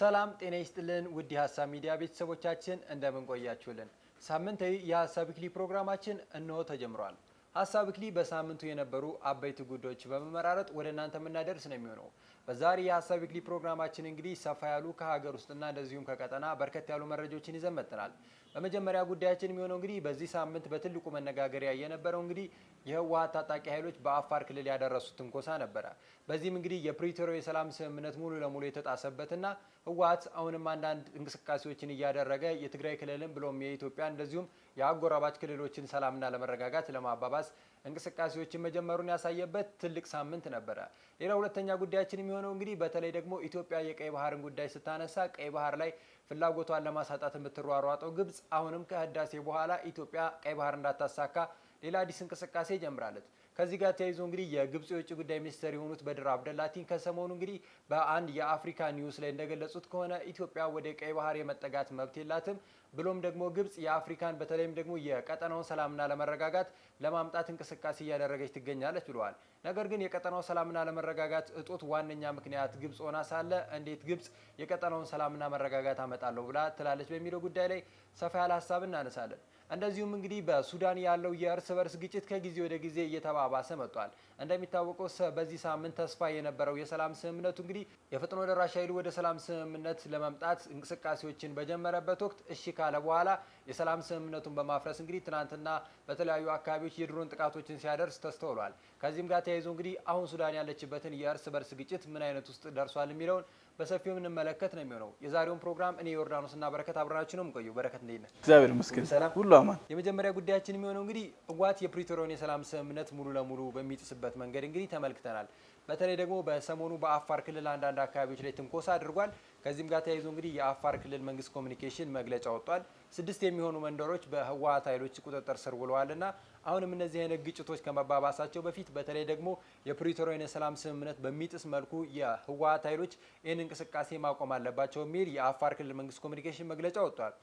ሰላም ጤና ይስጥልን ውድ የሀሳብ ሚዲያ ቤተሰቦቻችን እንደምን ቆያችሁልን። ሳምንታዊ የሀሳብ እክሊ ፕሮግራማችን እንሆ ተጀምሯል። ሀሳብ እክሊ በሳምንቱ የነበሩ አበይት ጉዳዮች በመመራረጥ ወደ እናንተ የምናደርስ ነው የሚሆነው። በዛሬ የሀሳብ እክሊ ፕሮግራማችን እንግዲህ ሰፋ ያሉ ከሀገር ውስጥና እንደዚሁም ከቀጠና በርከት ያሉ መረጃዎችን ይዘን መጥተናል። በመጀመሪያ ጉዳያችን የሚሆነው እንግዲህ በዚህ ሳምንት በትልቁ መነጋገሪያ የነበረው እንግዲህ የህወሀት ታጣቂ ኃይሎች በአፋር ክልል ያደረሱት ትንኮሳ ነበረ። በዚህም እንግዲህ የፕሪቶሪያ የሰላም ስምምነት ሙሉ ለሙሉ የተጣሰበትና ህወሀት አሁንም አንዳንድ እንቅስቃሴዎችን እያደረገ የትግራይ ክልልን ብሎም የኢትዮጵያ እንደዚሁም የአጎራባች ክልሎችን ሰላምና ለመረጋጋት ለማባባስ እንቅስቃሴዎችን መጀመሩን ያሳየበት ትልቅ ሳምንት ነበረ። ሌላ ሁለተኛ ጉዳያችን የሚሆነው እንግዲህ በተለይ ደግሞ ኢትዮጵያ የቀይ ባህርን ጉዳይ ስታነሳ ቀይ ባህር ላይ ፍላጎቷን ለማሳጣት የምትሯሯጠው ግብጽ አሁንም ከህዳሴ በኋላ ኢትዮጵያ ቀይ ባህር እንዳታሳካ ሌላ አዲስ እንቅስቃሴ ጀምራለች። ከዚህ ጋር ተያይዞ እንግዲህ የግብጽ የውጭ ጉዳይ ሚኒስትር የሆኑት በድር አብደላቲን ከሰሞኑ እንግዲህ በአንድ የአፍሪካ ኒውስ ላይ እንደገለጹት ከሆነ ኢትዮጵያ ወደ ቀይ ባህር የመጠጋት መብት የላትም፣ ብሎም ደግሞ ግብጽ የአፍሪካን በተለይም ደግሞ የቀጠናውን ሰላምና ለመረጋጋት ለማምጣት እንቅስቃሴ እያደረገች ትገኛለች ብለዋል። ነገር ግን የቀጠናው ሰላምና ለመረጋጋት እጦት ዋነኛ ምክንያት ግብጽ ሆና ሳለ እንዴት ግብጽ የቀጠናውን ሰላምና መረጋጋት አመጣለሁ ብላ ትላለች በሚለው ጉዳይ ላይ ሰፋ ያለ ሀሳብ እናነሳለን። እንደዚሁም እንግዲህ በሱዳን ያለው የእርስ በርስ ግጭት ከጊዜ ወደ ጊዜ እየተባባሰ መጥቷል። እንደሚታወቀው በዚህ ሳምንት ተስፋ የነበረው የሰላም ስምምነቱ እንግዲህ የፍጥኖ ደራሽ ኃይሉ ወደ ሰላም ስምምነት ለመምጣት እንቅስቃሴዎችን በጀመረበት ወቅት እሺ ካለ በኋላ የሰላም ስምምነቱን በማፍረስ እንግዲህ ትናንትና በተለያዩ አካባቢዎች የድሮን ጥቃቶችን ሲያደርስ ተስተውሏል። ከዚህም ጋር ተያይዞ እንግዲህ አሁን ሱዳን ያለችበትን የእርስ በርስ ግጭት ምን አይነት ውስጥ ደርሷል የሚለውን በሰፊው የምንመለከት ነው የሚሆነው። የዛሬውን ፕሮግራም እኔ ዮርዳኖስ እና በረከት አብረናችሁ ነው የምንቆየው። በረከት እንዴት ነህ? እግዚአብሔር ይመስገን ሁሉ አማን። የመጀመሪያ ጉዳያችን የሚሆነው እንግዲህ ህወሓት የፕሪቶሪያውን የሰላም ስምምነት ሙሉ ለሙሉ በሚጥስበት መንገድ እንግዲህ ተመልክተናል። በተለይ ደግሞ በሰሞኑ በአፋር ክልል አንዳንድ አካባቢዎች ላይ ትንኮሳ አድርጓል። ከዚህም ጋር ተያይዞ እንግዲህ የአፋር ክልል መንግስት ኮሚኒኬሽን መግለጫ ወጥቷል። ስድስት የሚሆኑ መንደሮች በህወሀት ኃይሎች ቁጥጥር ስር ውለዋልና አሁንም እነዚህ አይነት ግጭቶች ከመባባሳቸው በፊት በተለይ ደግሞ የፕሪቶሪያን የሰላም ስምምነት በሚጥስ መልኩ የህወሀት ኃይሎች ይህን እንቅስቃሴ ማቆም አለባቸው የሚል የአፋር ክልል መንግስት ኮሚኒኬሽን መግለጫ ወጥቷል።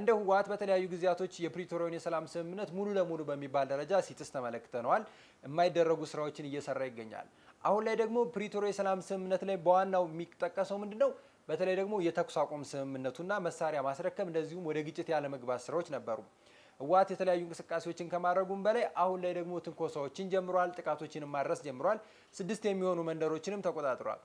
እንደ ህወሀት በተለያዩ ጊዜያቶች የፕሪቶሪያን የሰላም ስምምነት ሙሉ ለሙሉ በሚባል ደረጃ ሲጥስ ተመለክተነዋል። የማይደረጉ ስራዎችን እየሰራ ይገኛል። አሁን ላይ ደግሞ ፕሪቶሪ የሰላም ስምምነት ላይ በዋናው የሚጠቀሰው ምንድን ነው? በተለይ ደግሞ የተኩስ አቁም ስምምነቱና መሳሪያ ማስረከብ እንደዚሁም ወደ ግጭት ያለመግባት ስራዎች ነበሩ። ህወሓት የተለያዩ እንቅስቃሴዎችን ከማድረጉም በላይ አሁን ላይ ደግሞ ትንኮሳዎችን ጀምሯል። ጥቃቶችን ማድረስ ጀምሯል። ስድስት የሚሆኑ መንደሮችንም ተቆጣጥሯል።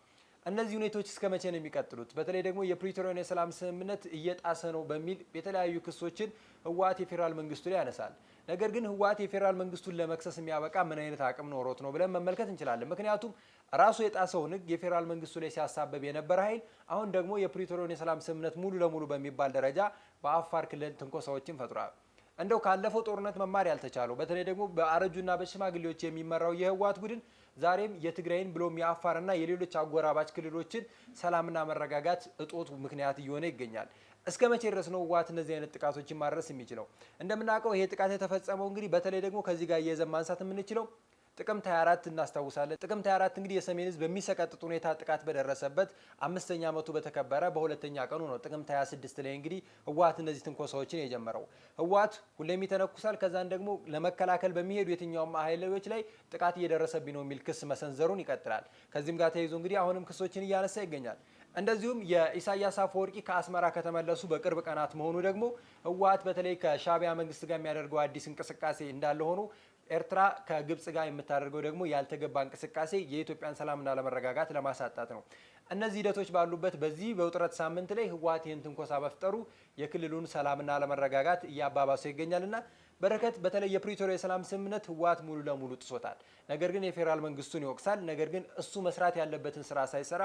እነዚህ ሁኔታዎች እስከ መቼ ነው የሚቀጥሉት? በተለይ ደግሞ የፕሪቶሪያን የሰላም ስምምነት እየጣሰ ነው በሚል የተለያዩ ክሶችን ህወሓት የፌዴራል መንግስቱ ላይ ያነሳል። ነገር ግን ህወሓት የፌዴራል መንግስቱን ለመክሰስ የሚያበቃ ምን አይነት አቅም ኖሮት ነው ብለን መመልከት እንችላለን። ምክንያቱም ራሱ የጣሰውን ህግ የፌዴራል መንግስቱ ላይ ሲያሳበብ የነበረ ኃይል አሁን ደግሞ የፕሪቶሪያን የሰላም ስምምነት ሙሉ ለሙሉ በሚባል ደረጃ በአፋር ክልል ትንኮሳዎችን ፈጥሯል። እንደው ካለፈው ጦርነት መማር ያልተቻለው በተለይ ደግሞ በአረጁና በሽማግሌዎች የሚመራው የህወሓት ቡድን ዛሬም የትግራይን ብሎም የአፋርና የሌሎች አጎራባች ክልሎችን ሰላምና መረጋጋት እጦት ምክንያት እየሆነ ይገኛል። እስከ መቼ ድረስ ነው ህወሓት እነዚህ አይነት ጥቃቶችን ማድረስ የሚችለው? እንደምናውቀው ይሄ ጥቃት የተፈጸመው እንግዲህ በተለይ ደግሞ ከዚህ ጋር እየዘን ማንሳት የምንችለው ጥቅምት 24 እናስታውሳለን። ጥቅምት 24 እንግዲህ የሰሜን ህዝብ በሚሰቀጥጥ ሁኔታ ጥቃት በደረሰበት አምስተኛ ዓመቱ በተከበረ በሁለተኛ ቀኑ ነው። ጥቅምት 26 ላይ እንግዲህ ህወሓት እነዚህ ትንኮሳዎችን የጀመረው ህወሓት ሁሌም ይተነኩሳል። ከዛን ደግሞ ለመከላከል በሚሄዱ የትኛውም ኃይሎች ላይ ጥቃት እየደረሰብኝ ነው የሚል ክስ መሰንዘሩን ይቀጥላል። ከዚህም ጋር ተይዞ እንግዲህ አሁንም ክሶችን እያነሳ ይገኛል። እንደዚሁም የኢሳያስ አፈወርቂ ከአስመራ ከተመለሱ በቅርብ ቀናት መሆኑ ደግሞ ህወሀት በተለይ ከሻቢያ መንግስት ጋር የሚያደርገው አዲስ እንቅስቃሴ እንዳለ ሆኖ ኤርትራ ከግብጽ ጋር የምታደርገው ደግሞ ያልተገባ እንቅስቃሴ የኢትዮጵያን ሰላምና ለመረጋጋት ለማሳጣት ነው። እነዚህ ሂደቶች ባሉበት በዚህ በውጥረት ሳምንት ላይ ህወሀት ይህን ትንኮሳ መፍጠሩ የክልሉን ሰላምና ለመረጋጋት እያባባሰው ይገኛል እና በረከት በተለይ የፕሪቶሪያ የሰላም ስምምነት ህወሀት ሙሉ ለሙሉ ጥሶታል። ነገር ግን የፌዴራል መንግስቱን ይወቅሳል። ነገር ግን እሱ መስራት ያለበትን ስራ ሳይሰራ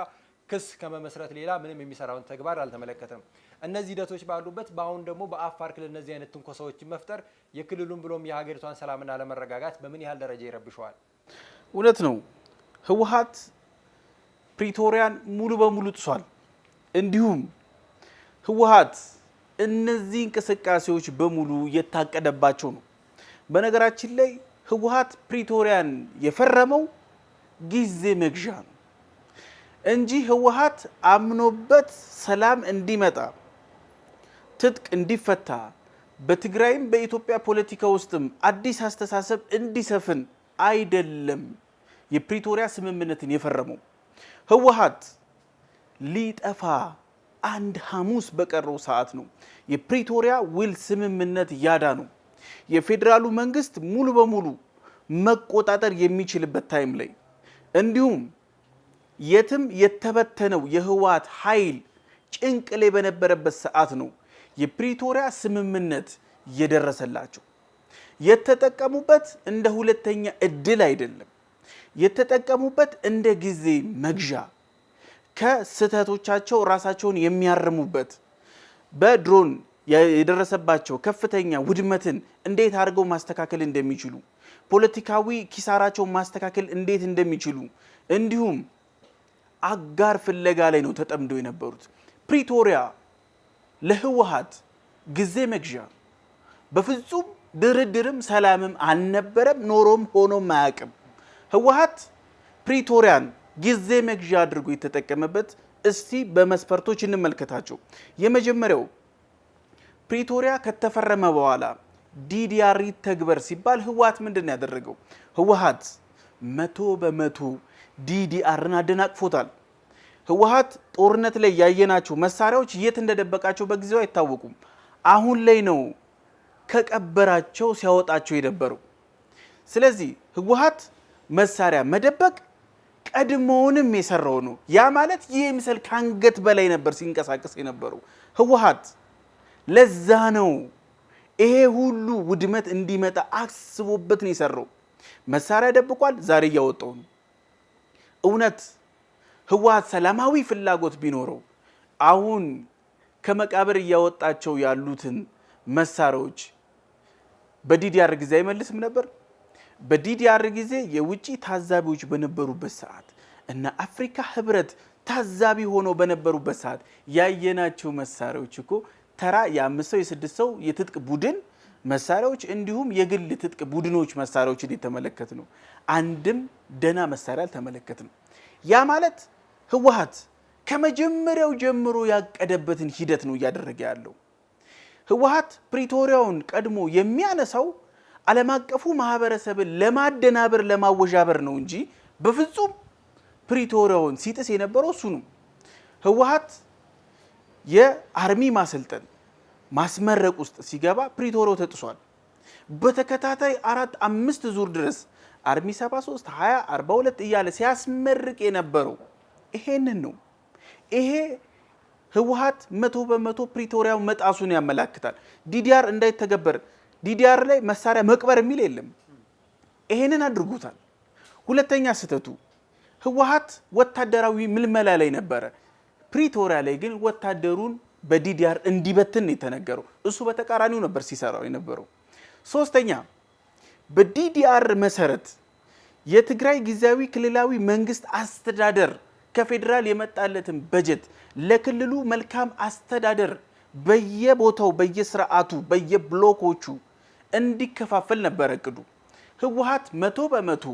ክስ ከመመስረት ሌላ ምንም የሚሰራውን ተግባር አልተመለከተም። እነዚህ ሂደቶች ባሉበት በአሁን ደግሞ በአፋር ክልል እነዚህ አይነት ትንኮሳዎችን መፍጠር የክልሉን ብሎም የሀገሪቷን ሰላምና ለመረጋጋት በምን ያህል ደረጃ ይረብሸዋል? እውነት ነው። ህወሀት ፕሪቶሪያን ሙሉ በሙሉ ጥሷል። እንዲሁም ህወሀት እነዚህ እንቅስቃሴዎች በሙሉ የታቀደባቸው ነው። በነገራችን ላይ ህወሀት ፕሪቶሪያን የፈረመው ጊዜ መግዣ ነው። እንጂ ህወሀት አምኖበት ሰላም እንዲመጣ ትጥቅ እንዲፈታ በትግራይም በኢትዮጵያ ፖለቲካ ውስጥም አዲስ አስተሳሰብ እንዲሰፍን አይደለም የፕሪቶሪያ ስምምነትን የፈረመው። ህወሀት ሊጠፋ አንድ ሐሙስ በቀረው ሰዓት ነው የፕሪቶሪያ ውል ስምምነት ያዳ ነው የፌዴራሉ መንግስት ሙሉ በሙሉ መቆጣጠር የሚችልበት ታይም ላይ እንዲሁም የትም የተበተነው የህወሓት ኃይል ጭንቅ ላይ በነበረበት ሰዓት ነው የፕሪቶሪያ ስምምነት የደረሰላቸው። የተጠቀሙበት እንደ ሁለተኛ እድል አይደለም። የተጠቀሙበት እንደ ጊዜ መግዣ፣ ከስህተቶቻቸው ራሳቸውን የሚያርሙበት በድሮን የደረሰባቸው ከፍተኛ ውድመትን እንዴት አድርገው ማስተካከል እንደሚችሉ፣ ፖለቲካዊ ኪሳራቸውን ማስተካከል እንዴት እንደሚችሉ እንዲሁም አጋር ፍለጋ ላይ ነው ተጠምደው የነበሩት። ፕሪቶሪያ ለህወሀት ጊዜ መግዣ በፍጹም ድርድርም ሰላምም አልነበረም፣ ኖሮም ሆኖም አያውቅም። ህወሀት ፕሪቶሪያን ጊዜ መግዣ አድርጎ የተጠቀመበት እስቲ በመስፈርቶች እንመልከታቸው። የመጀመሪያው ፕሪቶሪያ ከተፈረመ በኋላ ዲዲአር ይተግበር ሲባል ህወሀት ምንድን ነው ያደረገው? ህወሀት መቶ በመቶ ዲዲአርን አደናቅፎታል። ህወሀት ጦርነት ላይ ያየናቸው መሳሪያዎች የት እንደደበቃቸው በጊዜው አይታወቁም። አሁን ላይ ነው ከቀበራቸው ሲያወጣቸው የነበሩ ስለዚህ ህወሀት መሳሪያ መደበቅ ቀድሞውንም የሰራው ነው። ያ ማለት ይህ ምስል ከአንገት በላይ ነበር ሲንቀሳቀስ የነበረው ህወሀት። ለዛ ነው ይሄ ሁሉ ውድመት እንዲመጣ አስቦበት ነው የሰራው። መሳሪያ ደብቋል። ዛሬ እያወጣው ነው። እውነት ህወሓት ሰላማዊ ፍላጎት ቢኖረው አሁን ከመቃብር እያወጣቸው ያሉትን መሳሪያዎች በዲዲአር ጊዜ አይመልስም ነበር። በዲዲአር ጊዜ የውጭ ታዛቢዎች በነበሩበት ሰዓት እና አፍሪካ ህብረት ታዛቢ ሆነው በነበሩበት ሰዓት ያየናቸው መሳሪያዎች እኮ ተራ የአምስት ሰው የስድስት ሰው የትጥቅ ቡድን መሳሪያዎች እንዲሁም የግል ትጥቅ ቡድኖች መሳሪያዎችን የተመለከት ነው። አንድም ደና መሳሪያ አልተመለከትም። ያ ማለት ህወሀት ከመጀመሪያው ጀምሮ ያቀደበትን ሂደት ነው እያደረገ ያለው። ህወሀት ፕሪቶሪያውን ቀድሞ የሚያነሳው ዓለም አቀፉ ማህበረሰብን ለማደናበር ለማወዣበር ነው እንጂ በፍጹም ፕሪቶሪያውን ሲጥስ የነበረው እሱ ነው። ህወሀት የአርሚ ማሰልጠን ማስመረቅ ውስጥ ሲገባ ፕሪቶሪያው ተጥሷል። በተከታታይ አራት አምስት ዙር ድረስ አርሚ 73 20 42 እያለ ሲያስመርቅ የነበረው ይሄንን ነው። ይሄ ህወሀት መቶ በመቶ ፕሪቶሪያው መጣሱን ያመላክታል። ዲዲአር እንዳይተገበር ዲዲአር ላይ መሳሪያ መቅበር የሚል የለም። ይሄንን አድርጎታል። ሁለተኛ ስህተቱ ህወሀት ወታደራዊ ምልመላ ላይ ነበረ። ፕሪቶሪያ ላይ ግን ወታደሩን በዲዲአር እንዲበትን ነው የተነገረው። እሱ በተቃራኒው ነበር ሲሰራው የነበረው። ሶስተኛ በዲዲአር መሰረት የትግራይ ጊዜያዊ ክልላዊ መንግስት አስተዳደር ከፌዴራል የመጣለትን በጀት ለክልሉ መልካም አስተዳደር በየቦታው በየስርዓቱ በየብሎኮቹ እንዲከፋፈል ነበር እቅዱ። ህወሀት መቶ በመቶ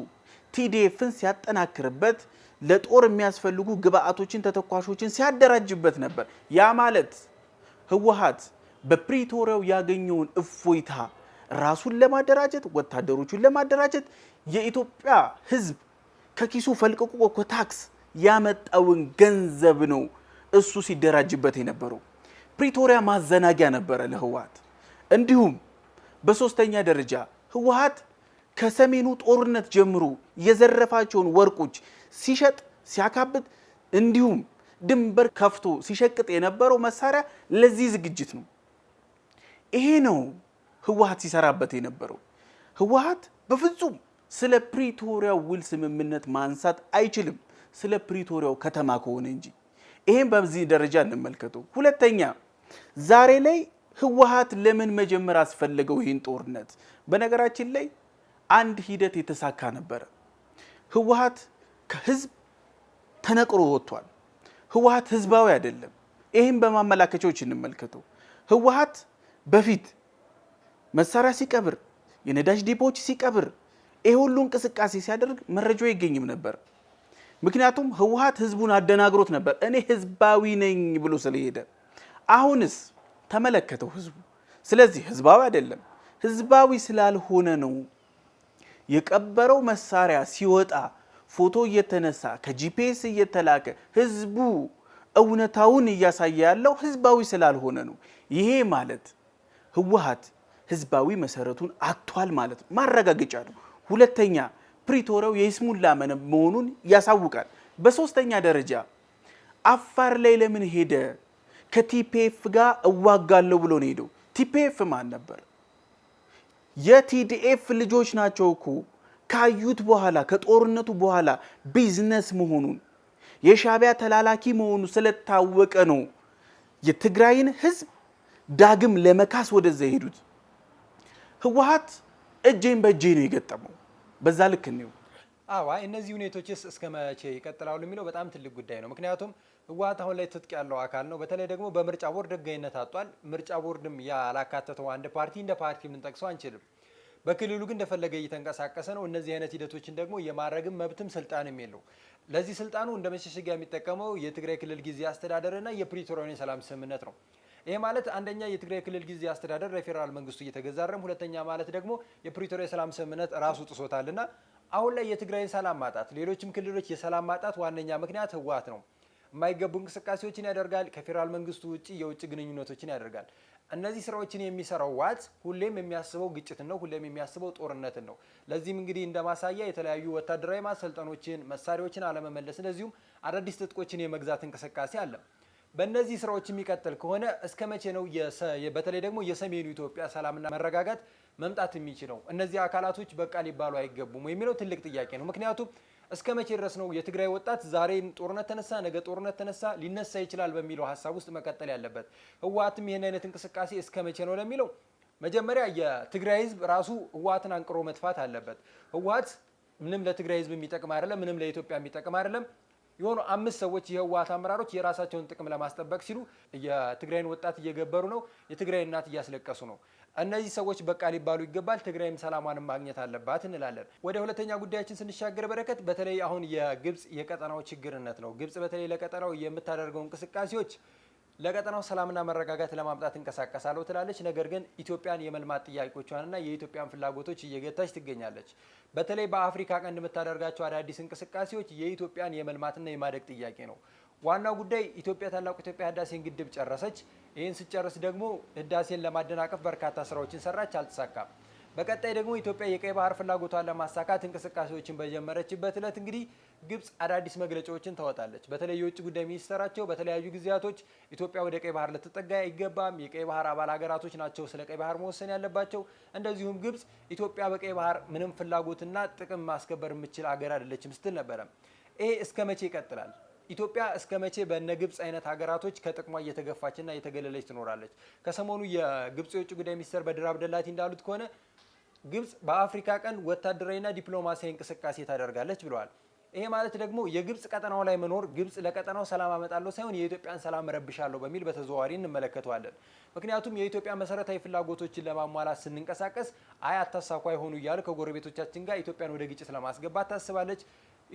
ቲዲኤፍን ሲያጠናክርበት ለጦር የሚያስፈልጉ ግብአቶችን፣ ተተኳሾችን ሲያደራጅበት ነበር። ያ ማለት ህወሓት በፕሪቶሪያው ያገኘውን እፎይታ ራሱን ለማደራጀት ወታደሮቹን ለማደራጀት የኢትዮጵያ ህዝብ ከኪሱ ፈልቅቆ ከታክስ ያመጣውን ገንዘብ ነው እሱ ሲደራጅበት የነበረው። ፕሪቶሪያ ማዘናጊያ ነበረ ለህወሓት። እንዲሁም በሶስተኛ ደረጃ ህወሓት ከሰሜኑ ጦርነት ጀምሮ የዘረፋቸውን ወርቆች ሲሸጥ ሲያካብት፣ እንዲሁም ድንበር ከፍቶ ሲሸቅጥ የነበረው መሳሪያ ለዚህ ዝግጅት ነው። ይሄ ነው ህወሀት ሲሰራበት የነበረው። ህወሀት በፍጹም ስለ ፕሪቶሪያው ውል ስምምነት ማንሳት አይችልም፣ ስለ ፕሪቶሪያው ከተማ ከሆነ እንጂ። ይሄን በዚህ ደረጃ እንመልከተው። ሁለተኛ ዛሬ ላይ ህወሀት ለምን መጀመር አስፈለገው ይህን ጦርነት? በነገራችን ላይ አንድ ሂደት የተሳካ ነበረ ህወሀት ከህዝብ ተነቅሮ ወጥቷል። ህወሀት ህዝባዊ አይደለም። ይህም በማመላከቻዎች እንመልከተው። ህወሀት በፊት መሳሪያ ሲቀብር፣ የነዳጅ ዲፖዎች ሲቀብር፣ ይህ ሁሉ እንቅስቃሴ ሲያደርግ መረጃው አይገኝም ነበር። ምክንያቱም ህወሀት ህዝቡን አደናግሮት ነበር፣ እኔ ህዝባዊ ነኝ ብሎ ስለሄደ። አሁንስ ተመለከተው ህዝቡ። ስለዚህ ህዝባዊ አይደለም። ህዝባዊ ስላልሆነ ነው የቀበረው መሳሪያ ሲወጣ ፎቶ እየተነሳ ከጂፒኤስ እየተላከ ህዝቡ እውነታውን እያሳየ ያለው ህዝባዊ ስላልሆነ ነው። ይሄ ማለት ህወሀት ህዝባዊ መሰረቱን አጥቷል ማለት ነው፣ ማረጋገጫ ነው። ሁለተኛ ፕሪቶሪያው የይስሙላ መሆኑን ያሳውቃል። በሶስተኛ ደረጃ አፋር ላይ ለምን ሄደ? ከቲፒኤፍ ጋር እዋጋለሁ ብሎ ነው ሄደው። ቲፒኤፍ ማን ነበር? የቲዲኤፍ ልጆች ናቸው እኮ ካዩት በኋላ ከጦርነቱ በኋላ ቢዝነስ መሆኑን የሻቢያ ተላላኪ መሆኑ ስለታወቀ ነው የትግራይን ህዝብ ዳግም ለመካስ ወደዛ የሄዱት። ህወሀት እጄን በእጄ ነው የገጠመው። በዛ ልክ ነው። አዎ እነዚህ ሁኔታዎችስ እስከ መቼ ይቀጥላሉ የሚለው በጣም ትልቅ ጉዳይ ነው። ምክንያቱም ህወሀት አሁን ላይ ትጥቅ ያለው አካል ነው። በተለይ ደግሞ በምርጫ ቦርድ ህጋዊነት አጧል። ምርጫ ቦርድም ያላካተተው አንድ ፓርቲ እንደ ፓርቲ ምንጠቅሰው አንችልም። በክልሉ ግን እንደፈለገ እየተንቀሳቀሰ ነው። እነዚህ አይነት ሂደቶችን ደግሞ የማድረግም መብትም ስልጣንም የለው። ለዚህ ስልጣኑ እንደ መሸሸጊያ የሚጠቀመው የትግራይ ክልል ጊዜ አስተዳደርና የፕሪቶሪያን የሰላም ስምምነት ነው። ይሄ ማለት አንደኛ የትግራይ ክልል ጊዜ አስተዳደር ለፌዴራል መንግስቱ እየተገዛረም፣ ሁለተኛ ማለት ደግሞ የፕሪቶሪያ የሰላም ስምምነት ራሱ ጥሶታልና አሁን ላይ የትግራይን ሰላም ማጣት፣ ሌሎችም ክልሎች የሰላም ማጣት ዋነኛ ምክንያት ህወሓት ነው። የማይገቡ እንቅስቃሴዎችን ያደርጋል። ከፌዴራል መንግስቱ ውጭ የውጭ ግንኙነቶችን ያደርጋል። እነዚህ ስራዎችን የሚሰራው ዋት ሁሌም የሚያስበው ግጭትን ነው። ሁሌም የሚያስበው ጦርነትን ነው። ለዚህም እንግዲህ እንደ ማሳያ የተለያዩ ወታደራዊ ማሰልጠኖችን፣ መሳሪያዎችን አለመመለስ፣ እንደዚሁም አዳዲስ ትጥቆችን የመግዛት እንቅስቃሴ አለ። በእነዚህ ስራዎች የሚቀጥል ከሆነ እስከ መቼ ነው በተለይ ደግሞ የሰሜኑ ኢትዮጵያ ሰላምና መረጋጋት መምጣት የሚችለው? እነዚህ አካላቶች በቃ ሊባሉ አይገቡም የሚለው ትልቅ ጥያቄ ነው። ምክንያቱም እስከ መቼ ድረስ ነው የትግራይ ወጣት ዛሬ ጦርነት ተነሳ ነገ ጦርነት ተነሳ ሊነሳ ይችላል በሚለው ሀሳብ ውስጥ መቀጠል ያለበት? ህወሓትም ይህን አይነት እንቅስቃሴ እስከ መቼ ነው ለሚለው መጀመሪያ የትግራይ ህዝብ ራሱ ህወሓትን አንቅሮ መጥፋት አለበት። ህወሓት ምንም ለትግራይ ህዝብ የሚጠቅም አይደለም፣ ምንም ለኢትዮጵያ የሚጠቅም አይደለም። የሆኑ አምስት ሰዎች የህወሓት አመራሮች የራሳቸውን ጥቅም ለማስጠበቅ ሲሉ የትግራይን ወጣት እየገበሩ ነው። የትግራይ እናት እያስለቀሱ ነው። እነዚህ ሰዎች በቃ ሊባሉ ይገባል። ትግራይም ሰላሟን ማግኘት አለባት እንላለን። ወደ ሁለተኛ ጉዳያችን ስንሻገር በረከት፣ በተለይ አሁን የግብፅ የቀጠናው ችግርነት ነው። ግብፅ በተለይ ለቀጠናው የምታደርገው እንቅስቃሴዎች ለቀጠናው ሰላምና መረጋጋት ለማምጣት እንቀሳቀሳለሁ ትላለች። ነገር ግን ኢትዮጵያን የመልማት ጥያቄዎቿንና የኢትዮጵያን ፍላጎቶች እየገታች ትገኛለች። በተለይ በአፍሪካ ቀንድ የምታደርጋቸው አዳዲስ እንቅስቃሴዎች የኢትዮጵያን የመልማትና የማደግ ጥያቄ ነው። ዋናው ጉዳይ ኢትዮጵያ ታላቁ ኢትዮጵያ ህዳሴን ግድብ ጨረሰች። ይህን ስጨርስ ደግሞ ህዳሴን ለማደናቀፍ በርካታ ስራዎችን ሰራች፣ አልተሳካም። በቀጣይ ደግሞ ኢትዮጵያ የቀይ ባህር ፍላጎቷን ለማሳካት እንቅስቃሴዎችን በጀመረችበት እለት እንግዲህ ግብጽ አዳዲስ መግለጫዎችን ታወጣለች። በተለይ የውጭ ጉዳይ ሚኒስትራቸው በተለያዩ ጊዜያቶች ኢትዮጵያ ወደ ቀይ ባህር ልትጠጋ አይገባም፣ የቀይ ባህር አባል ሀገራቶች ናቸው ስለ ቀይ ባህር መወሰን ያለባቸው፣ እንደዚሁም ግብጽ ኢትዮጵያ በቀይ ባህር ምንም ፍላጎትና ጥቅም ማስከበር የምችል ሀገር አይደለችም ስትል ነበረ። ይሄ እስከ መቼ ይቀጥላል? ኢትዮጵያ እስከ መቼ በነ ግብጽ አይነት ሀገራቶች ከጥቅሟ እየተገፋችና እየተገለለች ትኖራለች? ከሰሞኑ የግብጽ የውጭ ጉዳይ ሚኒስትር በድር አብደላቲ እንዳሉት ከሆነ ግብጽ በአፍሪካ ቀን ወታደራዊና ዲፕሎማሲያዊ እንቅስቃሴ ታደርጋለች ብለዋል። ይሄ ማለት ደግሞ የግብጽ ቀጠናው ላይ መኖር ግብጽ ለቀጠናው ሰላም አመጣለሁ ሳይሆን የኢትዮጵያን ሰላም ረብሻለሁ በሚል በተዘዋዋሪ እንመለከተዋለን። ምክንያቱም የኢትዮጵያ መሰረታዊ ፍላጎቶችን ለማሟላት ስንንቀሳቀስ አይ አታሳኳ የሆኑ እያሉ ከጎረቤቶቻችን ጋር ኢትዮጵያን ወደ ግጭት ለማስገባት ታስባለች።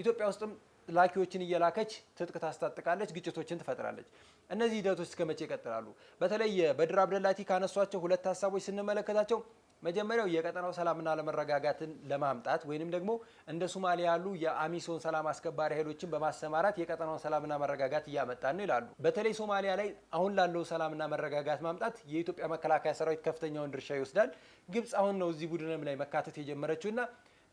ኢትዮጵያ ውስጥም ላኪዎችን እየላከች ትጥቅ ታስታጥቃለች፣ ግጭቶችን ትፈጥራለች። እነዚህ ሂደቶች እስከ መቼ ይቀጥላሉ? በተለይ በድር አብደላቲ ካነሷቸው ሁለት ሀሳቦች ስንመለከታቸው መጀመሪያው የቀጠናው ሰላምና ለመረጋጋትን ለማምጣት ወይንም ደግሞ እንደ ሱማሌ ያሉ የአሚሶን ሰላም አስከባሪ ኃይሎችን በማሰማራት የቀጠናውን ሰላምና መረጋጋት እያመጣን ነው ይላሉ። በተለይ ሶማሊያ ላይ አሁን ላለው ሰላምና መረጋጋት ማምጣት የኢትዮጵያ መከላከያ ሰራዊት ከፍተኛውን ድርሻ ይወስዳል። ግብጽ አሁን ነው እዚህ ቡድንም ላይ መካተት ና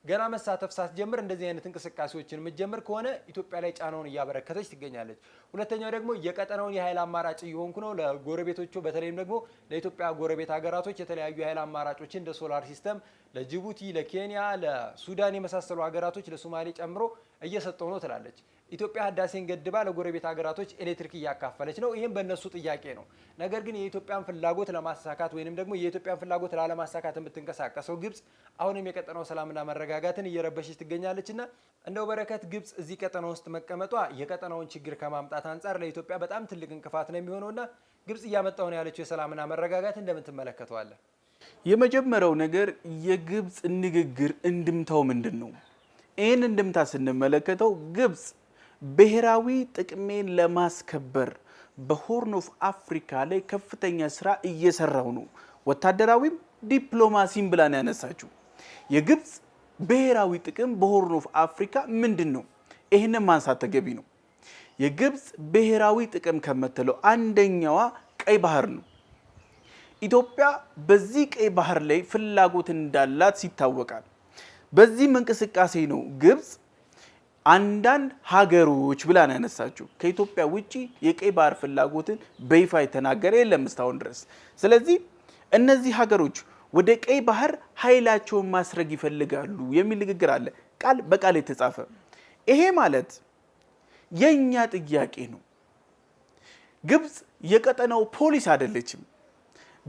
ገና መሳተፍ ሳትጀምር እንደዚህ አይነት እንቅስቃሴዎችን የምትጀምር ከሆነ ኢትዮጵያ ላይ ጫናውን እያበረከተች ትገኛለች። ሁለተኛው ደግሞ የቀጠናውን የኃይል አማራጭ እየሆንኩ ነው ለጎረቤቶቹ በተለይም ደግሞ ለኢትዮጵያ ጎረቤት ሀገራቶች የተለያዩ የኃይል አማራጮች እንደ ሶላር ሲስተም ለጅቡቲ፣ ለኬንያ፣ ለሱዳን የመሳሰሉ ሀገራቶች ለሶማሌ ጨምሮ እየሰጠው ነው ትላለች። ኢትዮጵያ ህዳሴን ገድባ ለጎረቤት ሀገራቶች ኤሌክትሪክ እያካፈለች ነው። ይህም በእነሱ ጥያቄ ነው። ነገር ግን የኢትዮጵያን ፍላጎት ለማሳካት ወይንም ደግሞ የኢትዮጵያን ፍላጎት ላለማሳካት የምትንቀሳቀሰው ግብጽ አሁንም የቀጠናው ሰላምና መረጋጋትን እየረበሸች ትገኛለች ና እንደው በረከት ግብጽ እዚህ ቀጠና ውስጥ መቀመጧ የቀጠናውን ችግር ከማምጣት አንጻር ለኢትዮጵያ በጣም ትልቅ እንቅፋት ነው ና ግብጽ እያመጣው ነው ያለችው የሰላምና መረጋጋት እንደምን ትመለከተዋለን? የመጀመሪያው ነገር የግብጽ ንግግር እንድምታው ምንድን ነው? ይህን እንድምታ ስንመለከተው ግብጽ ብሔራዊ ጥቅሜን ለማስከበር በሆርን ኦፍ አፍሪካ ላይ ከፍተኛ ስራ እየሰራው ነው። ወታደራዊም ዲፕሎማሲም ብላን ያነሳችው የግብፅ ብሔራዊ ጥቅም በሆርን ኦፍ አፍሪካ ምንድን ነው? ይህንን ማንሳት ተገቢ ነው። የግብፅ ብሔራዊ ጥቅም ከምትለው አንደኛዋ ቀይ ባህር ነው። ኢትዮጵያ በዚህ ቀይ ባህር ላይ ፍላጎት እንዳላት ይታወቃል። በዚህም እንቅስቃሴ ነው ግብፅ አንዳንድ ሀገሮች ብላ ነው ያነሳችው። ከኢትዮጵያ ውጭ የቀይ ባህር ፍላጎትን በይፋ የተናገረ የለም እስካሁን ድረስ። ስለዚህ እነዚህ ሀገሮች ወደ ቀይ ባህር ኃይላቸውን ማስረግ ይፈልጋሉ የሚል ንግግር አለ፣ ቃል በቃል የተጻፈ። ይሄ ማለት የእኛ ጥያቄ ነው። ግብፅ የቀጠናው ፖሊስ አይደለችም።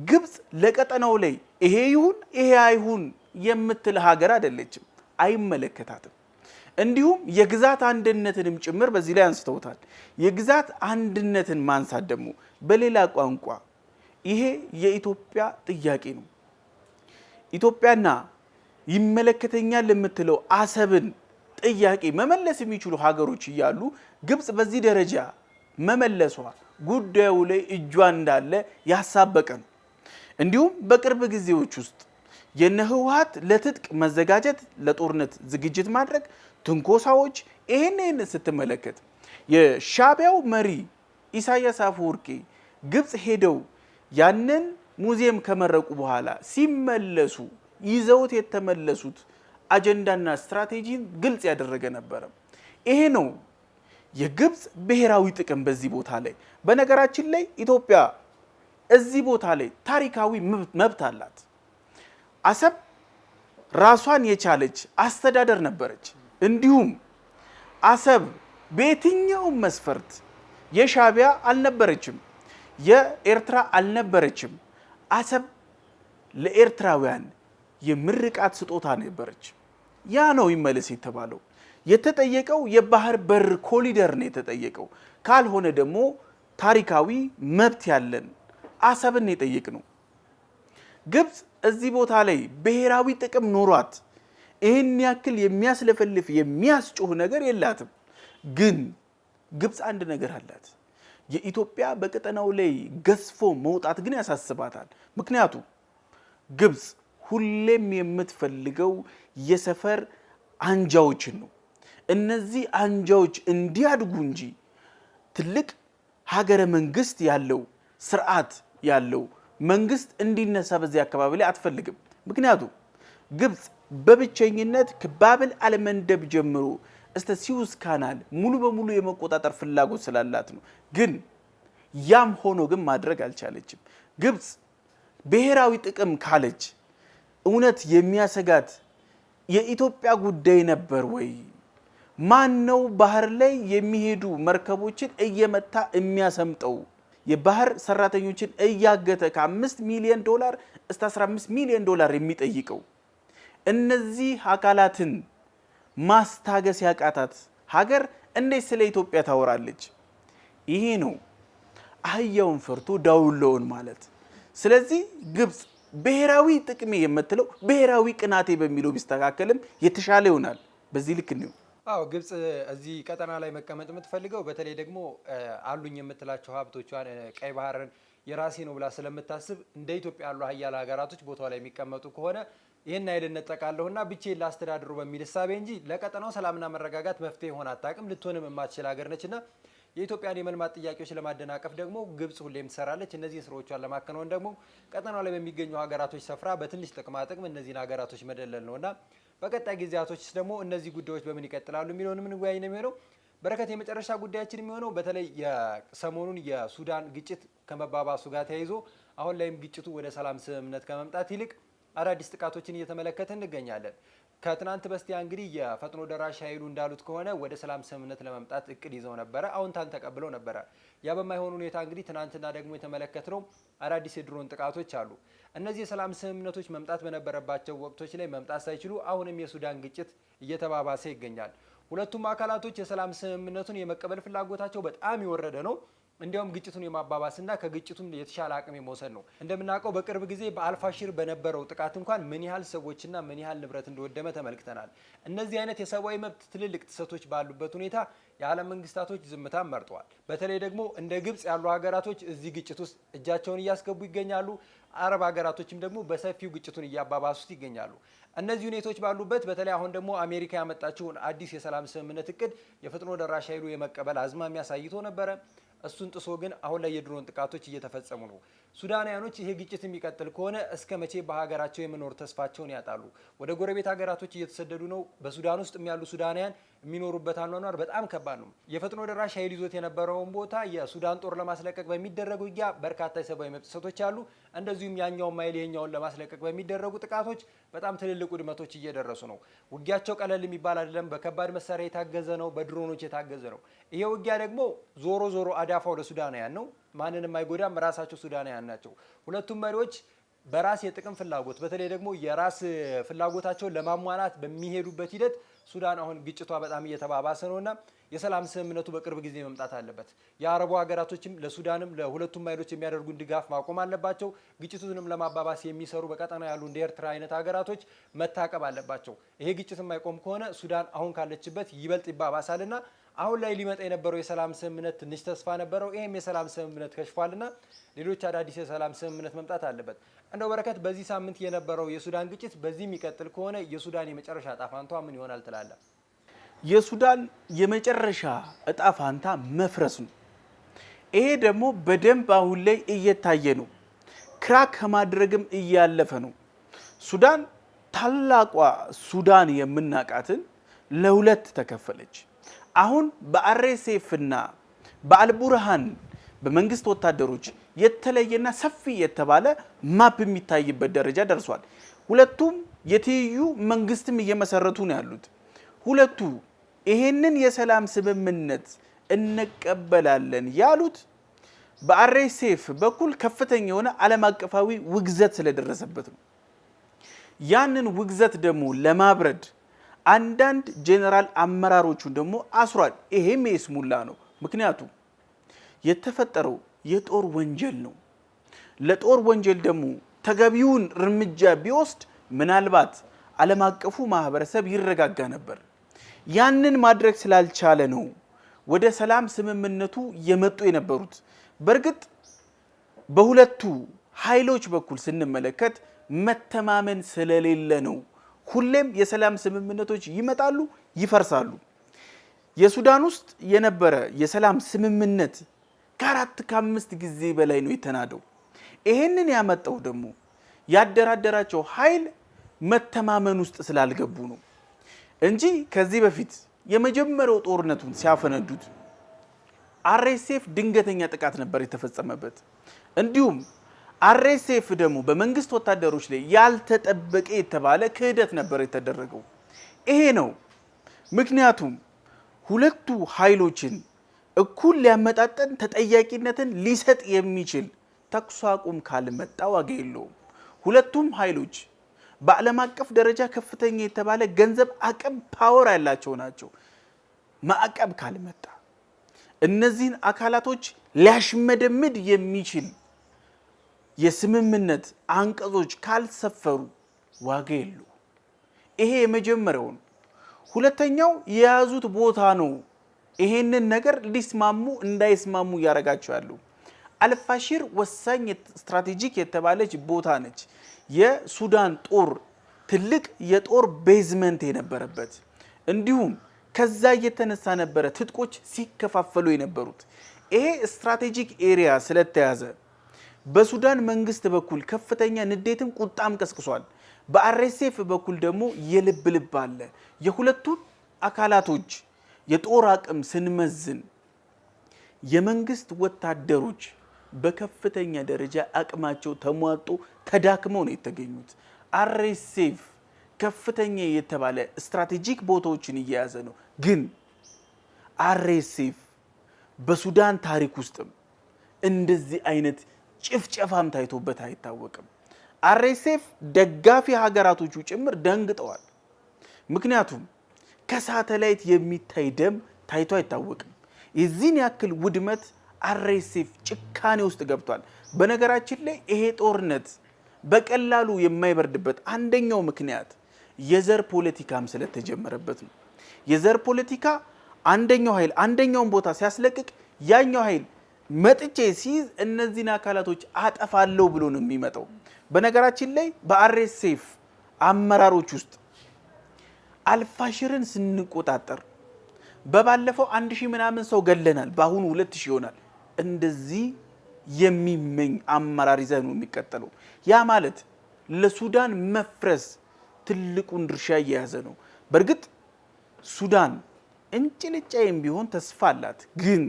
ግብፅ ለቀጠናው ላይ ይሄ ይሁን ይሄ አይሁን የምትል ሀገር አይደለችም፣ አይመለከታትም። እንዲሁም የግዛት አንድነትንም ጭምር በዚህ ላይ አንስተውታል። የግዛት አንድነትን ማንሳት ደግሞ በሌላ ቋንቋ ይሄ የኢትዮጵያ ጥያቄ ነው። ኢትዮጵያና ይመለከተኛል የምትለው አሰብን ጥያቄ መመለስ የሚችሉ ሀገሮች እያሉ ግብፅ በዚህ ደረጃ መመለሷ ጉዳዩ ላይ እጇ እንዳለ ያሳበቀ ነው። እንዲሁም በቅርብ ጊዜዎች ውስጥ የነ ህወሓት ለትጥቅ መዘጋጀት ለጦርነት ዝግጅት ማድረግ ትንኮሳዎች፣ ይህን ይህንን ስትመለከት የሻቢያው መሪ ኢሳያስ አፈወርቂ ግብፅ ሄደው ያንን ሙዚየም ከመረቁ በኋላ ሲመለሱ ይዘውት የተመለሱት አጀንዳና ስትራቴጂን ግልጽ ያደረገ ነበረ። ይሄ ነው የግብፅ ብሔራዊ ጥቅም በዚህ ቦታ ላይ። በነገራችን ላይ ኢትዮጵያ እዚህ ቦታ ላይ ታሪካዊ መብት አላት። አሰብ ራሷን የቻለች አስተዳደር ነበረች። እንዲሁም አሰብ በየትኛውም መስፈርት የሻቢያ አልነበረችም፣ የኤርትራ አልነበረችም። አሰብ ለኤርትራውያን የምርቃት ስጦታ ነበረች። ያ ነው ይመለስ የተባለው። የተጠየቀው የባህር በር ኮሊደር ነው የተጠየቀው። ካልሆነ ደግሞ ታሪካዊ መብት ያለን አሰብን የጠየቅ ነው። ግብፅ እዚህ ቦታ ላይ ብሔራዊ ጥቅም ኖሯት ይህን ያክል የሚያስለፈልፍ የሚያስጮህ ነገር የላትም። ግን ግብፅ አንድ ነገር አላት። የኢትዮጵያ በቀጠናው ላይ ገዝፎ መውጣት ግን ያሳስባታል። ምክንያቱም ግብፅ ሁሌም የምትፈልገው የሰፈር አንጃዎችን ነው። እነዚህ አንጃዎች እንዲያድጉ እንጂ ትልቅ ሀገረ መንግስት ያለው ስርዓት ያለው መንግስት እንዲነሳ በዚህ አካባቢ ላይ አትፈልግም። ምክንያቱም ግብፅ በብቸኝነት ከባብል አለመንደብ ጀምሮ እስተ ሲውስ ካናል ሙሉ በሙሉ የመቆጣጠር ፍላጎት ስላላት ነው። ግን ያም ሆኖ ግን ማድረግ አልቻለችም። ግብፅ ብሔራዊ ጥቅም ካለች እውነት የሚያሰጋት የኢትዮጵያ ጉዳይ ነበር ወይ? ማን ነው ባህር ላይ የሚሄዱ መርከቦችን እየመታ የሚያሰምጠው? የባህር ሰራተኞችን እያገተ ከአምስት ሚሊዮን ዶላር እስከ 15 ሚሊዮን ዶላር የሚጠይቀው እነዚህ አካላትን ማስታገስ ያቃታት ሀገር እንዴት ስለ ኢትዮጵያ ታወራለች? ይሄ ነው አህያውን ፈርቶ ዳውላውን ማለት። ስለዚህ ግብፅ ብሔራዊ ጥቅሜ የምትለው ብሔራዊ ቅናቴ በሚለው ቢስተካከልም የተሻለ ይሆናል። በዚህ ልክ ነው። አዎ ግብፅ እዚህ ቀጠና ላይ መቀመጥ የምትፈልገው በተለይ ደግሞ አሉኝ የምትላቸው ሀብቶቿን ቀይ ባህርን የራሴ ነው ብላ ስለምታስብ እንደ ኢትዮጵያ ያሉ ሀያል ሀገራቶች ቦታው ላይ የሚቀመጡ ከሆነ ይህን ኃይል እነጠቃለሁና ብቼ ላስተዳድሩ በሚል እሳቤ እንጂ ለቀጠናው ሰላምና መረጋጋት መፍትሄ ሆና አታውቅም፣ ልትሆንም የማትችል ሀገር ነችና የኢትዮጵያን የመልማት ጥያቄዎች ለማደናቀፍ ደግሞ ግብጽ ሁሌም ትሰራለች። እነዚህን ስራዎቿን ለማከናወን ደግሞ ቀጠናው ላይ በሚገኙ ሀገራቶች ሰፍራ በትንሽ ጥቅማ ጥቅም እነዚህን ሀገራቶች መደለል ነው እና በቀጣይ ጊዜያቶች ደግሞ እነዚህ ጉዳዮች በምን ይቀጥላሉ የሚለውን የምንወያይ ነው የሚሆነው። በረከት፣ የመጨረሻ ጉዳያችን የሚሆነው በተለይ የሰሞኑን የሱዳን ግጭት ከመባባሱ ጋር ተያይዞ አሁን ላይም ግጭቱ ወደ ሰላም ስምምነት ከመምጣት ይልቅ አዳዲስ ጥቃቶችን እየተመለከተ እንገኛለን። ከትናንት በስቲያ እንግዲህ የፈጥኖ ደራሽ ኃይሉ እንዳሉት ከሆነ ወደ ሰላም ስምምነት ለመምጣት እቅድ ይዘው ነበረ። አዎንታን ተቀብለው ነበረ። ያ በማይሆን ሁኔታ እንግዲህ ትናንትና ደግሞ የተመለከትነው አዳዲስ የድሮን ጥቃቶች አሉ። እነዚህ የሰላም ስምምነቶች መምጣት በነበረባቸው ወቅቶች ላይ መምጣት ሳይችሉ አሁንም የሱዳን ግጭት እየተባባሰ ይገኛል። ሁለቱም አካላቶች የሰላም ስምምነቱን የመቀበል ፍላጎታቸው በጣም የወረደ ነው። እንዲያውም ግጭቱን የማባባስና ከግጭቱም የተሻለ አቅም የመውሰድ ነው። እንደምናውቀው በቅርብ ጊዜ በአልፋሽር በነበረው ጥቃት እንኳን ምን ያህል ሰዎችና ምን ያህል ንብረት እንደወደመ ተመልክተናል። እነዚህ አይነት የሰብአዊ መብት ትልልቅ ጥሰቶች ባሉበት ሁኔታ የዓለም መንግስታቶች ዝምታ መርጠዋል። በተለይ ደግሞ እንደ ግብጽ ያሉ ሀገራቶች እዚህ ግጭት ውስጥ እጃቸውን እያስገቡ ይገኛሉ። አረብ ሀገራቶችም ደግሞ በሰፊው ግጭቱን እያባባሱት ይገኛሉ። እነዚህ ሁኔታዎች ባሉበት በተለይ አሁን ደግሞ አሜሪካ ያመጣችውን አዲስ የሰላም ስምምነት እቅድ የፍጥኖ ደራሽ ኃይሉ የመቀበል አዝማሚያ አሳይቶ ነበረ። እሱን ጥሶ ግን አሁን ላይ የድሮን ጥቃቶች እየተፈጸሙ ነው። ሱዳናውያኖች ይሄ ግጭት የሚቀጥል ከሆነ እስከ መቼ በሀገራቸው የመኖር ተስፋቸውን ያጣሉ? ወደ ጎረቤት ሀገራቶች እየተሰደዱ ነው። በሱዳን ውስጥ ያሉ ሱዳናውያን የሚኖሩበት አኗኗር በጣም ከባድ ነው። የፈጥኖ ደራሽ ኃይል ይዞት የነበረውን ቦታ የሱዳን ጦር ለማስለቀቅ በሚደረጉ ውጊያ በርካታ የሰብአዊ መብት ጥሰቶች አሉ። እንደዚሁም ያኛውን ማይል ይሄኛውን ለማስለቀቅ በሚደረጉ ጥቃቶች በጣም ትልልቅ ውድመቶች እየደረሱ ነው። ውጊያቸው ቀለል የሚባል አይደለም። በከባድ መሳሪያ የታገዘ ነው፣ በድሮኖች የታገዘ ነው። ይሄ ውጊያ ደግሞ ዞሮ ዞሮ አዳፋው ለሱዳናውያን ነው። ማንንም አይጎዳም። ራሳቸው ሱዳናውያን ናቸው። ሁለቱም መሪዎች በራስ የጥቅም ፍላጎት በተለይ ደግሞ የራስ ፍላጎታቸውን ለማሟላት በሚሄዱበት ሂደት ሱዳን አሁን ግጭቷ በጣም እየተባባሰ እና የሰላም ስምምነቱ በቅርብ ጊዜ መምጣት አለበት። የአረቡ ሀገራቶችም ለሱዳንም ለሁለቱም ኃይሎች የሚያደርጉን ድጋፍ ማቆም አለባቸው። ግጭቱንም ለማባባስ የሚሰሩ በቀጠና ያሉ እንደ ኤርትራ አይነት ሀገራቶች መታቀብ አለባቸው። ይሄ ግጭት የማይቆም ከሆነ ሱዳን አሁን ካለችበት ይበልጥ ይባባሳልና አሁን ላይ ሊመጣ የነበረው የሰላም ስምምነት ትንሽ ተስፋ ነበረው። ይህም የሰላም ስምምነት ከሽፏልና ሌሎች አዳዲስ የሰላም ስምምነት መምጣት አለበት። እንደው በረከት፣ በዚህ ሳምንት የነበረው የሱዳን ግጭት በዚህ የሚቀጥል ከሆነ የሱዳን የመጨረሻ እጣ ፋንቷ ምን ይሆናል ትላለ? የሱዳን የመጨረሻ እጣ ፋንታ መፍረስ ነው። ይሄ ደግሞ በደንብ አሁን ላይ እየታየ ነው። ክራክ ከማድረግም እያለፈ ነው። ሱዳን ታላቋ ሱዳን የምናውቃትን ለሁለት ተከፈለች። አሁን በአርኤስኤፍ እና በአልቡርሃን በመንግስት ወታደሮች የተለየና ሰፊ የተባለ ማፕ የሚታይበት ደረጃ ደርሷል። ሁለቱም የትይዩ መንግስትም እየመሰረቱ ነው ያሉት። ሁለቱ ይሄንን የሰላም ስምምነት እንቀበላለን ያሉት በአሬሴፍ በኩል ከፍተኛ የሆነ ዓለም አቀፋዊ ውግዘት ስለደረሰበት ነው። ያንን ውግዘት ደግሞ ለማብረድ አንዳንድ ጄኔራል አመራሮቹን ደግሞ አስሯል። ይሄም የስሙላ ነው። ምክንያቱም የተፈጠረው የጦር ወንጀል ነው። ለጦር ወንጀል ደግሞ ተገቢውን እርምጃ ቢወስድ ምናልባት ዓለም አቀፉ ማህበረሰብ ይረጋጋ ነበር። ያንን ማድረግ ስላልቻለ ነው ወደ ሰላም ስምምነቱ የመጡ የነበሩት። በእርግጥ በሁለቱ ኃይሎች በኩል ስንመለከት መተማመን ስለሌለ ነው። ሁሌም የሰላም ስምምነቶች ይመጣሉ፣ ይፈርሳሉ። የሱዳን ውስጥ የነበረ የሰላም ስምምነት ከአራት ከአምስት ጊዜ በላይ ነው የተናደው። ይሄንን ያመጣው ደግሞ ያደራደራቸው ኃይል መተማመን ውስጥ ስላልገቡ ነው እንጂ ከዚህ በፊት የመጀመሪያው ጦርነቱን ሲያፈነዱት አርኤስኤፍ ድንገተኛ ጥቃት ነበር የተፈጸመበት እንዲሁም አርኤስኤፍ ደግሞ በመንግስት ወታደሮች ላይ ያልተጠበቀ የተባለ ክህደት ነበር የተደረገው። ይሄ ነው ምክንያቱም ሁለቱ ኃይሎችን እኩል ሊያመጣጠን ተጠያቂነትን ሊሰጥ የሚችል ተኩስ አቁም ካልመጣ ዋጋ የለውም። ሁለቱም ኃይሎች በዓለም አቀፍ ደረጃ ከፍተኛ የተባለ ገንዘብ አቅም፣ ፓወር ያላቸው ናቸው። ማዕቀብ ካልመጣ እነዚህን አካላቶች ሊያሽመደምድ የሚችል የስምምነት አንቀጾች ካልሰፈሩ ዋጋ የሉ። ይሄ የመጀመሪያው ነው። ሁለተኛው የያዙት ቦታ ነው። ይሄንን ነገር ሊስማሙ እንዳይስማሙ እያደረጋቸው ያሉ አልፋሺር ወሳኝ ስትራቴጂክ የተባለች ቦታ ነች። የሱዳን ጦር ትልቅ የጦር ቤዝመንት የነበረበት እንዲሁም ከዛ እየተነሳ ነበረ ትጥቆች ሲከፋፈሉ የነበሩት። ይሄ ስትራቴጂክ ኤሪያ ስለተያዘ በሱዳን መንግስት በኩል ከፍተኛ ንዴትም ቁጣም ቀስቅሷል። በአርኤስኤፍ በኩል ደግሞ የልብ ልብ አለ። የሁለቱን አካላቶች የጦር አቅም ስንመዝን የመንግስት ወታደሮች በከፍተኛ ደረጃ አቅማቸው ተሟጦ ተዳክመው ነው የተገኙት። አርኤስኤፍ ከፍተኛ የተባለ ስትራቴጂክ ቦታዎችን እየያዘ ነው። ግን አርኤስኤፍ በሱዳን ታሪክ ውስጥም እንደዚህ አይነት ጭፍጨፋም ታይቶበት አይታወቅም። አርኤስኤፍ ደጋፊ ሀገራቶቹ ጭምር ደንግጠዋል። ምክንያቱም ከሳተላይት የሚታይ ደም ታይቶ አይታወቅም። የዚህን ያክል ውድመት አርኤስኤፍ ጭካኔ ውስጥ ገብቷል። በነገራችን ላይ ይሄ ጦርነት በቀላሉ የማይበርድበት አንደኛው ምክንያት የዘር ፖለቲካም ስለተጀመረበት ነው። የዘር ፖለቲካ አንደኛው ኃይል አንደኛውን ቦታ ሲያስለቅቅ ያኛው ኃይል መጥቼ ሲይዝ እነዚህን አካላቶች አጠፋለሁ ብሎ ነው የሚመጣው። በነገራችን ላይ በአርኤስኤፍ አመራሮች ውስጥ አልፋሽርን ስንቆጣጠር በባለፈው አንድ ሺህ ምናምን ሰው ገለናል፣ በአሁኑ ሁለት ሺህ ይሆናል። እንደዚህ የሚመኝ አመራር ይዘህ ነው የሚቀጠለው። ያ ማለት ለሱዳን መፍረስ ትልቁን ድርሻ እየያዘ ነው። በእርግጥ ሱዳን እንጭልጫይም ቢሆን ተስፋ አላት ግን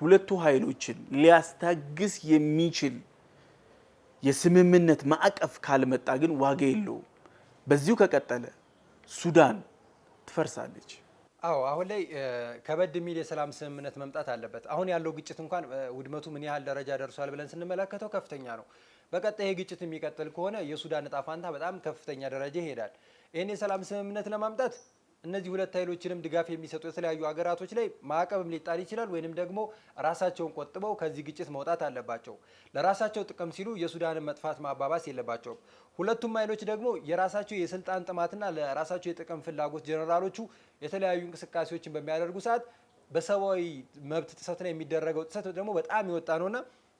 ሁለቱ ኃይሎችን ሊያስታግስ የሚችል የስምምነት ማዕቀፍ ካልመጣ ግን ዋጋ የለውም። በዚሁ ከቀጠለ ሱዳን ትፈርሳለች። አዎ አሁን ላይ ከበድ የሚል የሰላም ስምምነት መምጣት አለበት። አሁን ያለው ግጭት እንኳን ውድመቱ ምን ያህል ደረጃ ደርሷል ብለን ስንመለከተው ከፍተኛ ነው። በቀጣይ ይሄ ግጭት የሚቀጥል ከሆነ የሱዳን እጣ ፋንታ በጣም ከፍተኛ ደረጃ ይሄዳል። ይህን የሰላም ስምምነት ለማምጣት እነዚህ ሁለት ኃይሎችንም ድጋፍ የሚሰጡ የተለያዩ ሀገራቶች ላይ ማዕቀብም ሊጣል ይችላል ወይንም ደግሞ ራሳቸውን ቆጥበው ከዚህ ግጭት መውጣት አለባቸው። ለራሳቸው ጥቅም ሲሉ የሱዳንን መጥፋት ማባባስ የለባቸውም። ሁለቱም ኃይሎች ደግሞ የራሳቸው የስልጣን ጥማትና ለራሳቸው የጥቅም ፍላጎት ጀነራሎቹ የተለያዩ እንቅስቃሴዎችን በሚያደርጉ ሰዓት በሰብአዊ መብት ጥሰት ነው የሚደረገው ጥሰት ደግሞ በጣም የወጣ ነውና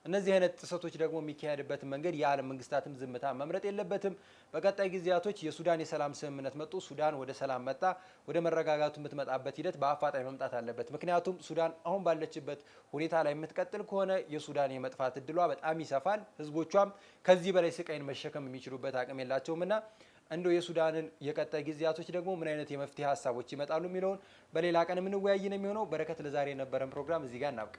እነዚህ አይነት ጥሰቶች ደግሞ የሚካሄድበትን መንገድ የዓለም መንግስታትም ዝምታ መምረጥ የለበትም። በቀጣይ ጊዜያቶች የሱዳን የሰላም ስምምነት መጡ፣ ሱዳን ወደ ሰላም መጣ፣ ወደ መረጋጋቱ የምትመጣበት ሂደት በአፋጣኝ መምጣት አለበት። ምክንያቱም ሱዳን አሁን ባለችበት ሁኔታ ላይ የምትቀጥል ከሆነ የሱዳን የመጥፋት እድሏ በጣም ይሰፋል። ህዝቦቿም ከዚህ በላይ ስቃይን መሸከም የሚችሉበት አቅም የላቸውምና እንደው የሱዳንን የቀጣይ ጊዜያቶች ደግሞ ምን አይነት የመፍትሄ ሀሳቦች ይመጣሉ የሚለውን በሌላ ቀን የምንወያይ ነው የሚሆነው። በረከት ለዛሬ የነበረን ፕሮግራም እዚህ ጋር እናብቅ።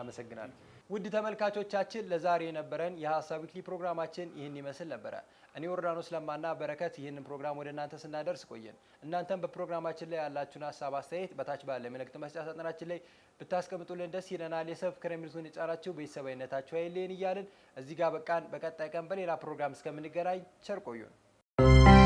አመሰግናለሁ። ውድ ተመልካቾቻችን ለዛሬ የነበረን የሀሳብ ዊክሊ ፕሮግራማችን ይህን ይመስል ነበረ። እኔ ዮርዳኖስ ለማና በረከት ይህንን ፕሮግራም ወደ እናንተ ስናደርስ ቆየን። እናንተም በፕሮግራማችን ላይ ያላችሁን ሀሳብ አስተያየት በታች ባለ መልእክት መስጫ ሳጥናችን ላይ ብታስቀምጡልን ደስ ይለናል። የሰብስክራይብ ምልክቱን የጫናችሁ ቤተሰባዊነታችሁ አይለየን እያልን እዚህ ጋር በቃን። በቀጣይ ቀን በሌላ ፕሮግራም እስከምንገናኝ ቸር ቆዩን። Thank you.